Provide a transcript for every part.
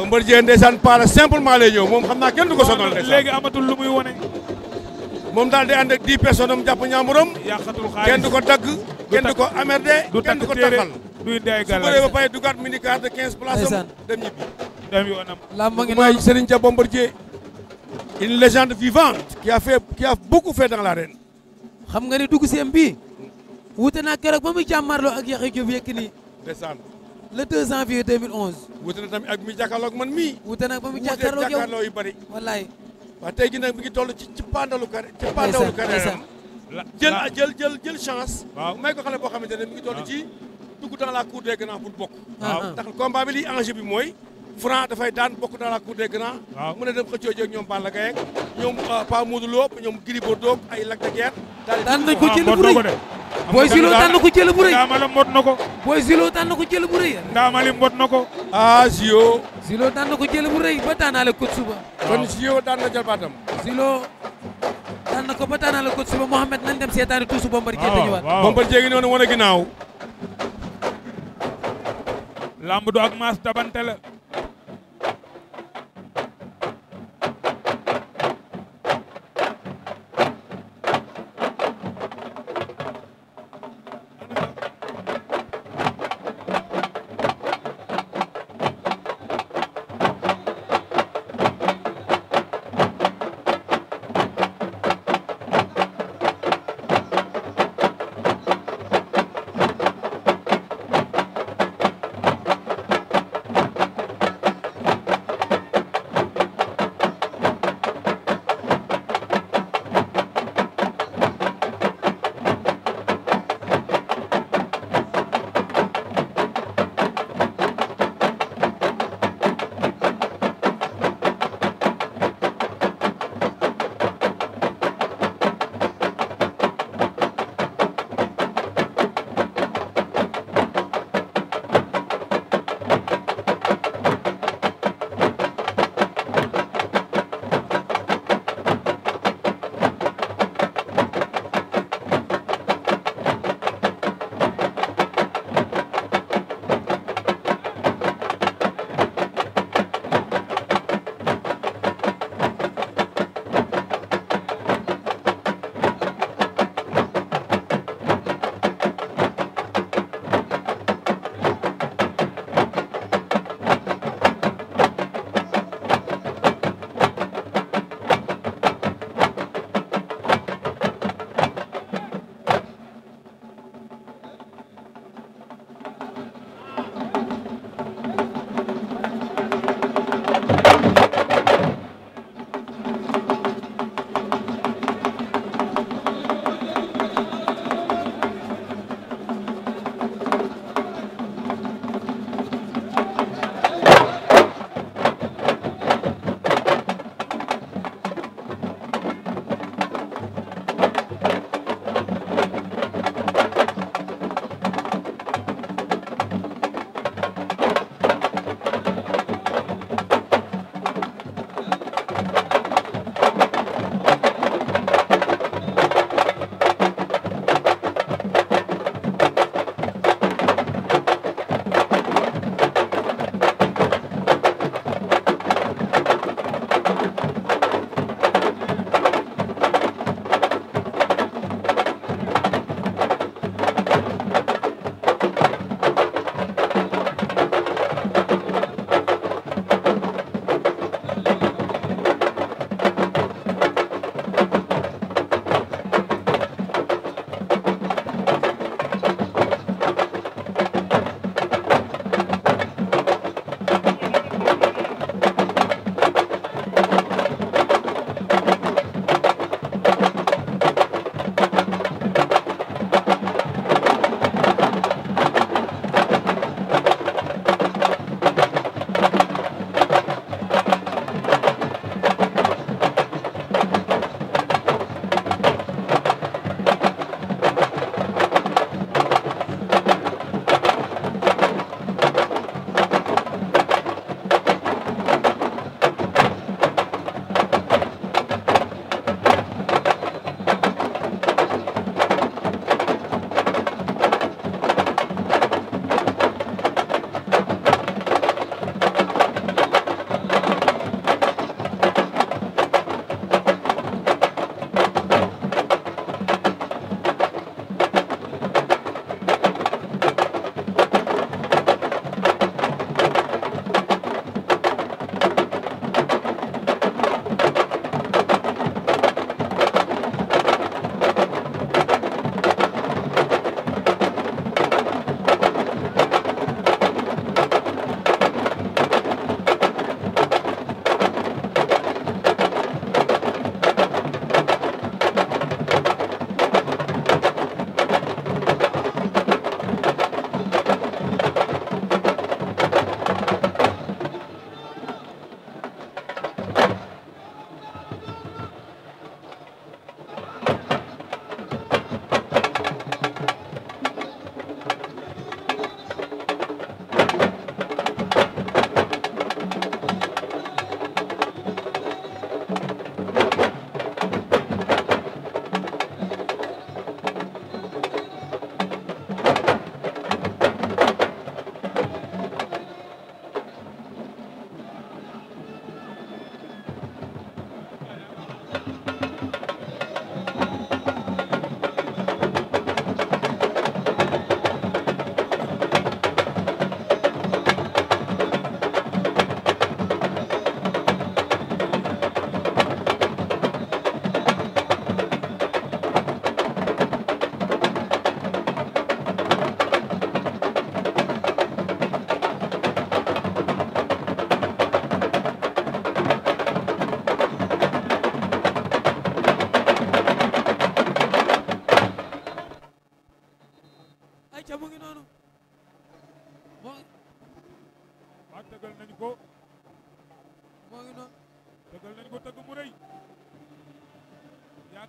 Bombardier ndeysaan paara simplement lay ñëw moom xam naa kenn du ko sonal ndeysaan léegi amatul lu muy wone moom daal di ànd ak 10 personnes jàpp ñaamuram kenn ko dagg kenn du ko amerde kenn du ko taxal duy day gàllankoor su ba pare dugaat minicar de 15 places dem ñibbi dem yoonam làmb ngi mooy Serigne une légende vivante qui a fait qui a beaucoup fait dans l'arène xam nga ni dugg seen bi wute naa keroog ba muy jàmmarloo ak Yaxya Jóob Yékini ndeysaan le 2 janvier 2011. wute na tamit ak mi jàkkaarloog man mii. wute na ba mu jàkkaarloog yow jàkkaarloo tey gi nag mi ngi toll ci ci pandalu kare ci pandalu kare jël jël jël jël chance. waaw may ko xale boo xamante ne mi ngi toll ci. dugg dans la cour des grands pour bokk. waaw ndax combat bi lii enjeu bi mooy. Franc dafay daan bokk dans la cour des grands. waaw mën a dem xëccoo jeeg ñoom Balla Gaye ak ñoom euh, Pa Modou Lo ñoom Gris Bordeaux ay Lac de Guiers. daal di daan nañ ko jël bu rëy Boy Julo daan na ko jël bu rëy Ndaamale mbot na ko. Boy Julo daan na ko jël bu rëy. Ndaamale mbot na ko. ah ko jël bu rëy ba daanaale ko suba. kon Julo daan na jël baatam. Julo daan na ko ba daanaale ko suba Mouhamed nañ dem seetaani tuusu Bombardier dañu ah, waat. waaw Bombardier gi noonu wane ginnaaw. lamb du ak maas dabante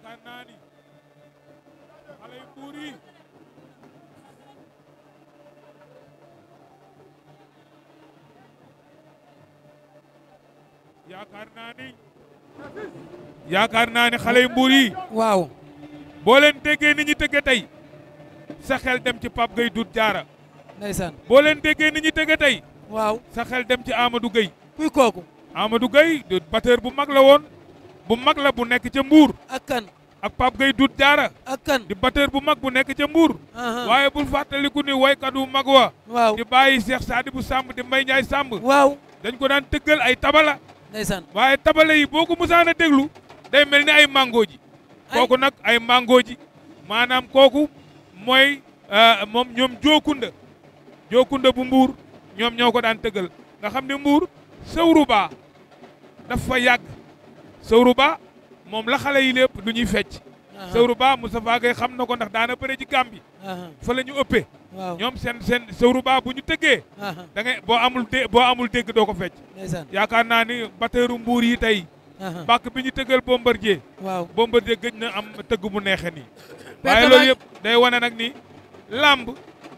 yaakaar naa ni xale yu yaakaar naa ni xale yu mbuur yi waaw boo leen déggee ni ñu tëgge tey sa xel dem ci Pape Gueye Doudou Diarra ndeysaan boo leen déggee ni ñu tëgge tey waaw sa xel dem ci Amadou Gueye kuy kooku Amadou Gueye de batteur bu mag la woon bu mag la bu nekk ca mbuur ak kan ak dut jaara ak kan di batteur bu mag bu nekk ca Mbour. waaye bul fàttaliku ni woykat wu mag wa. waaw di bàyyi saadi bu Samb di may Ndiaye Samb. waaw dañ ko daan tëggal ay tabala. ndeysaan waaye tabala yi boo ko musaan a day mel ni ay mango ji. kooku nag ay mango ji maanaam kooku mooy euh, moom ñoom Jookunda Jookunda bu mbuur ñoom ñoo ko daan tëggal nga xam ne mbuur sëwru baa dafa yàgg. Sawru Ba moom la xale yi lépp du ñuy fecc. Sawru Ba Moustapha yi xam na ko ndax daana bëre ci Gàmbi. fa la ñu ëppee. ñoom seen seen Sawru Ba bu ñu tëggee. da ngay boo amul dé boo amul dégg doo ko fecc. yaakaar naa ni batteeru mbuur yi tey. mbàkk bi ñu tëggal Bombardier. waaw Bombardier gëj na am tëgg bu neexee nii. waaye loolu yëpp day wane nag ni làmb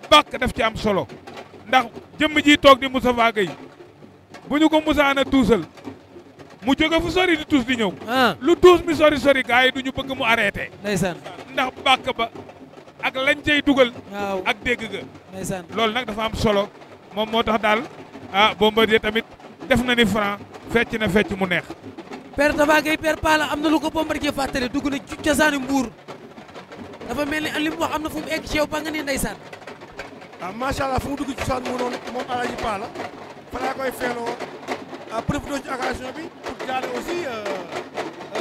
bàkk daf ci am solo. ndax jëmm ji toog di Moustapha Gueye bu ñu ko Moussa na tuusal. mu jóge fu sori di tuus di ñëw. Ah. lu tuus mi sori sori gars yi du ñu bëgg mu arrêté. ndeysaan ndax bàkk ba ak lañ cay dugal. ak dégg ga. ndeysaan loolu nag dafa am solo moom moo tax daal ah Bombardier tamit def na ni franc fecc na fecc mu neex. père Tapha Gueye père Pala am na lu ko Bombardier fàttali dugg na ci cosaani mbuur dafa mel ni li mu wax am na fu mu egg ba nga ni ndeysaan. ah macha allah fu mu dugg ci cosaani noonu moom El Hadj Pala koy feeloo ah profité ci occasion bi. jaale euh, euh,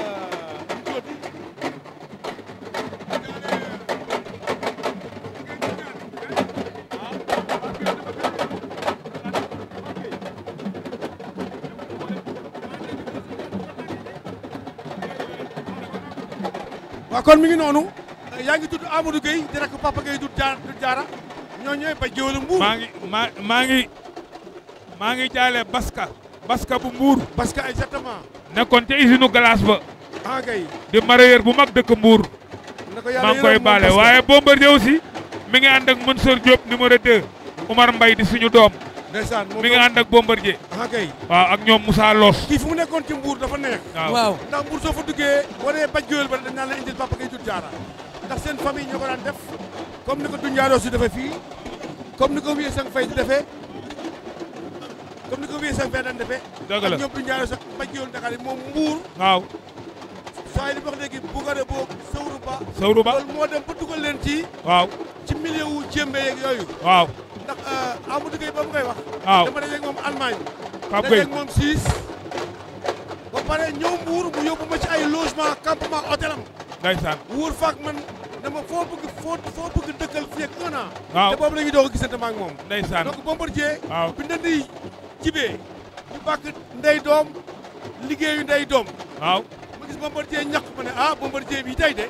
kon mi ngi noonu yaa ngi tudd Amadou Gueye di rek Papa Gueye du jaara ñoo ba géwélu mbuur maa ngi maa ngi maa Baska Baska bu Mbour. Baska exactement. nekkoon ca usine glace ba. ah kay. di bu mag dëkk Mbour. maa ngi koy baale waaye Bombardier aussi. mi ngi ànd ak Mansour Diop numéro 2. Umar Mbaye di suñu doom. ndeysaan mi ngi ànd ak Bombardier. ah kay. waaw ak ñoom Moussa Loos. kii fu mu nekkoon ci mbuur dafa neex. waaw ndax Mbour soo fa duggee. boo dee baj Gueule ba dañ naan la indil papa kay jur jaara. ndax seen famille ñoo def. comme ni ko Dundiaaro si defee fii. comme ni ko Wiye Sang Faye di comme ni ko wii sax fee daan defee. dëgg la ak ñoom Ndiaye sax mbaj yoonu Dakar yi moom mbuur. waaw. saa yi li wax léegi Bougaré boobu Sawru Ba. Sawru Ba loolu moo dem ba leen ci. waaw ci milieu wu jéembe yeeg yooyu. waaw ndax euh, Amadou Gueye ba mu koy wax. waaw dama dajeeg moom Allemagne. Pape Gueye moom Suisse. ba pare ñëw mbuur mu yóbbu ma ci ay logement campement hôtel am. ndeysaan wuur faak man dama foo bëgg foo foo bëgg dëkkal fii ak un boobu la ñuy doog a gisante ma jibee ñu bàkk ndey doom liggéeyu ndey doom waaw ma gis Bombardier ñaq ma ne ah Bombardier bi tey de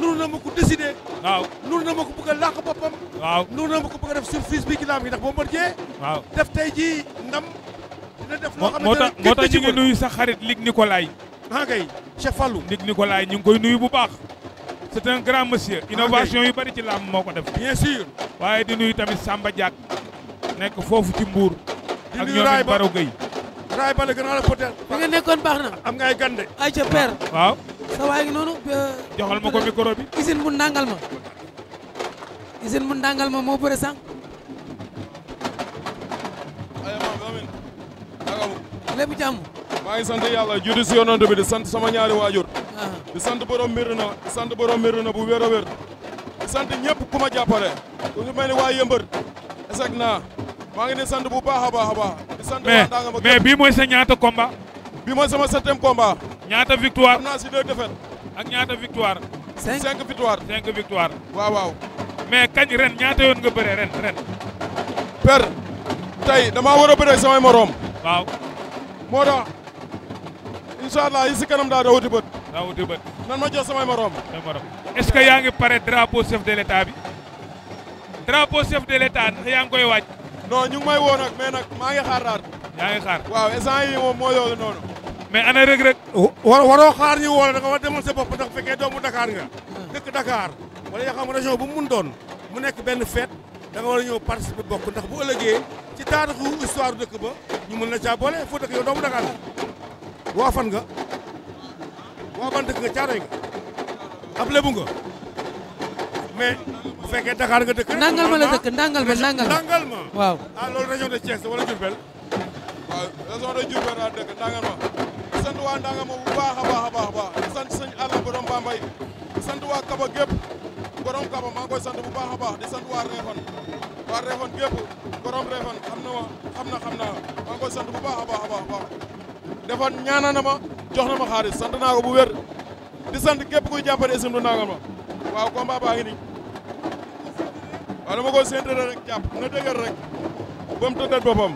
nur na ma ko décidé waaw nur na ma ko bëgg a làq boppam waaw nur na ma ko bëgg a def surprise bi ci laam gi ndax Bombardier waaw def tey ji ndam dina def loo xam ne moo tax ñu ngi nuyu sa xarit Luc Nicolaï maa ah, ngay Cheikh Fallou Luc Nicolaï ñu ngi koy nuyu bu baax c'est un grand monsieur ah, innovation yu bari ci làmb moo ko def bien sûr waaye di nuyu tamit Samba Diak nekk foofu ci mbuur ak ñoom Baro Gueye raay ba la gën bi nga nekkoon baax na am nga ay gande ay ca père waaw sa waay noonu euh, joxal ma ko micro bi usine mu ndàngal ma usine mu ndàngal ma moo bëre sànq lépp jàmm maa ngi sant yàlla judi si yonent bi di sant sama ñaari waajur ah. di sant borom mbir di sant borom mbir na bu wér a wér di sant ñëpp ku ma ku mel ni yëmbër esek naa maa ngi leen sant bu baax a baax a baax. di sant mais mais bii mooy sa ñaata combat. bii mooy sama septième combat. ñaata victoire am naa si deux défaites. ak ñaata victoire. cinq cinq victoire. cinq victoire. waaw waaw. mais kañ ren ñaata yoon nga bëree ren ren. per tey damaa war a bëree samay moroom. waaw. moo tax incha allah yi si kanam daal dawuti bët. dawuti bët. nan ma jox samay moroom. samay est-ce que yaa ngi pare drapeau chef de l'état bi. drapeau chef de yaa ngi koy waaj. non ñu ngi may woo nag mais nag maa ngi xaar daal. yaa ngi xaar waaw instant yii moom moo loolu noonu. mais ana Reug Reug. war waroo xaar ñu woo la da war demal sa bopp ndax fekkee doomu Dakar nga. Hmm. dëkk Dakar wala yoo xam région bu mu mun doon mu nekk benn fête da nga war a ñëw participer bokk ndax bu ëllëgee ci taarixu histoire dëkk ba ñu mën la caa boole foo dëkk yow doomu Dakar nga. waa fan nga waa ban dëkk nga caaroy nga ab lebu nga. mais bu fekkee Dakar nga la ah, dëkk nangal ma nangal ma waaw. ah loolu région de Thiès wala Diourbel. waaw région de Diourbel laa dëkk nangal ma. di sant waa nangal bu baax a baax a baax a baax di sant sëñ Alla borom Bambey di sant waa Kaba gépp borom Kaba maa ngi koy sant bu baax a baax di sant waa Réfan waa Réfan gépp borom Réfan xam na ma na xam naa maa ngi koy sant bu baax a baax a baax defoon jox na ma xaalis sant naa ko bu wér di sant képp kuy jàppale isim du nangal ma waaw combat baa waaw dama ko séentale rek jàpp na dëgër rek ba mu tëddat boppam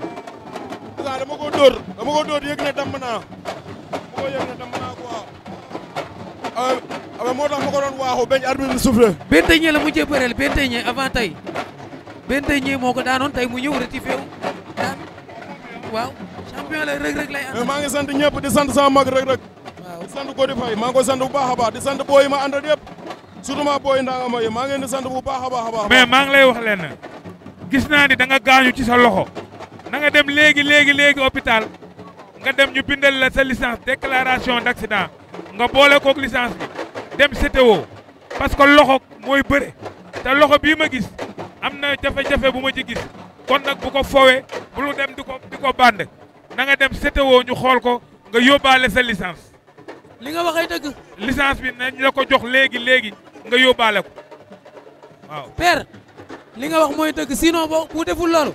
dama ko dóor dama ko dóor yëg ne naa dama ko yëg ne naa quoi. waaw euh, euh, moo tax ma ko doon waaxu bañ arbitre soufflé. la mujjee bëreel Benteñe avant tey Benteñe moo ko daanoon tey mu ñëw rectifié wu daan waaw champion la rëg rëg lay am. mais maa ngi sant ñëpp di sant sama mag rëg rëg. waaw di sant Codé Faye maa ngi sant bu baax a di sant booy ma àndal yëpp. surtout maa booy Ndanga Mbaye maa ngi leen di bu baax a a mais maa ngi lay wax na gis naa ni danga nga gaañu ci sa loxo na nga dem léegi léegi léegi hôpital nga dem ñu bindal la sa licence déclaration d' accident nga boole kook licence bi dem CTO parce que loxo mooy bëre te loxo bii ma gis am na jafe-jafe bu ma ci gis kon nag bu ko fowe bu lu dem di ko di ko na nga dem CTO ñu xool ko nga yóbbaale sa licence. li nga waxee dëgg. licence bi nañ la ko jox léegi léegi. nga yóbbaale ko waaw. li nga wax mooy dëgg sinon boo bu deful loolu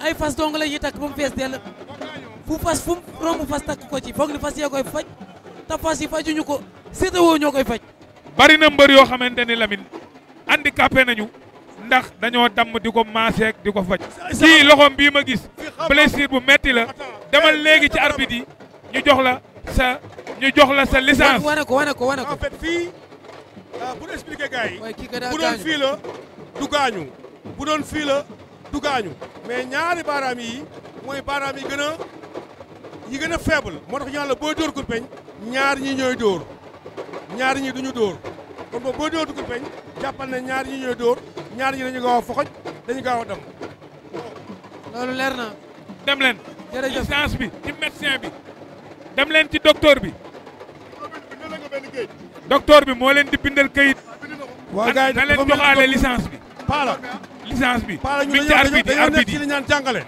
ay fas dong la ñuy takk ba mu fees dell fu fas fu romb fas takk ko ci foog ni fas yee koy faj te fas yi fajuñu ko séetewoo ñoo koy faj. bari na mbër yoo xamante ni Lamine handicapé nañu ndax dañoo damm di ko maaseek di ko faj. kii loxoom bii ma gis blessure bu metti la demal léegi ci arbitre yi ñu jox la sa ñu jox la sa licence. wane ko wane ko wane ko. Ah, bu ñu expliqué gars yi. bu doon fii la du gaañu. bu doon fii la du gaañu. mais ñaari baaraam yi mooy baaraam yi gën a yi gën a faible. moo tax ñu naan la booy dóor kurpeñ ñaar ñi ñooy dóor ñaar ñi duñu dóor kon boobu booy dóor kurpeñ jàppal ne ñaar ñi ñooy dóor ñaar ñi dañu gaaw a foxoj dañu gaaw a dem. loolu leer dem leen. jërëjëf bi ci médecin bi. dem leen ci docteur bi. commune bi nga benn géej. docteur bi moo leen di bindal kayit. waaw gars yi da leen joxaale licence bi. Paala licence bi. Paala ñu ne ñoom dañoo nekk ci li ñaan jàngale.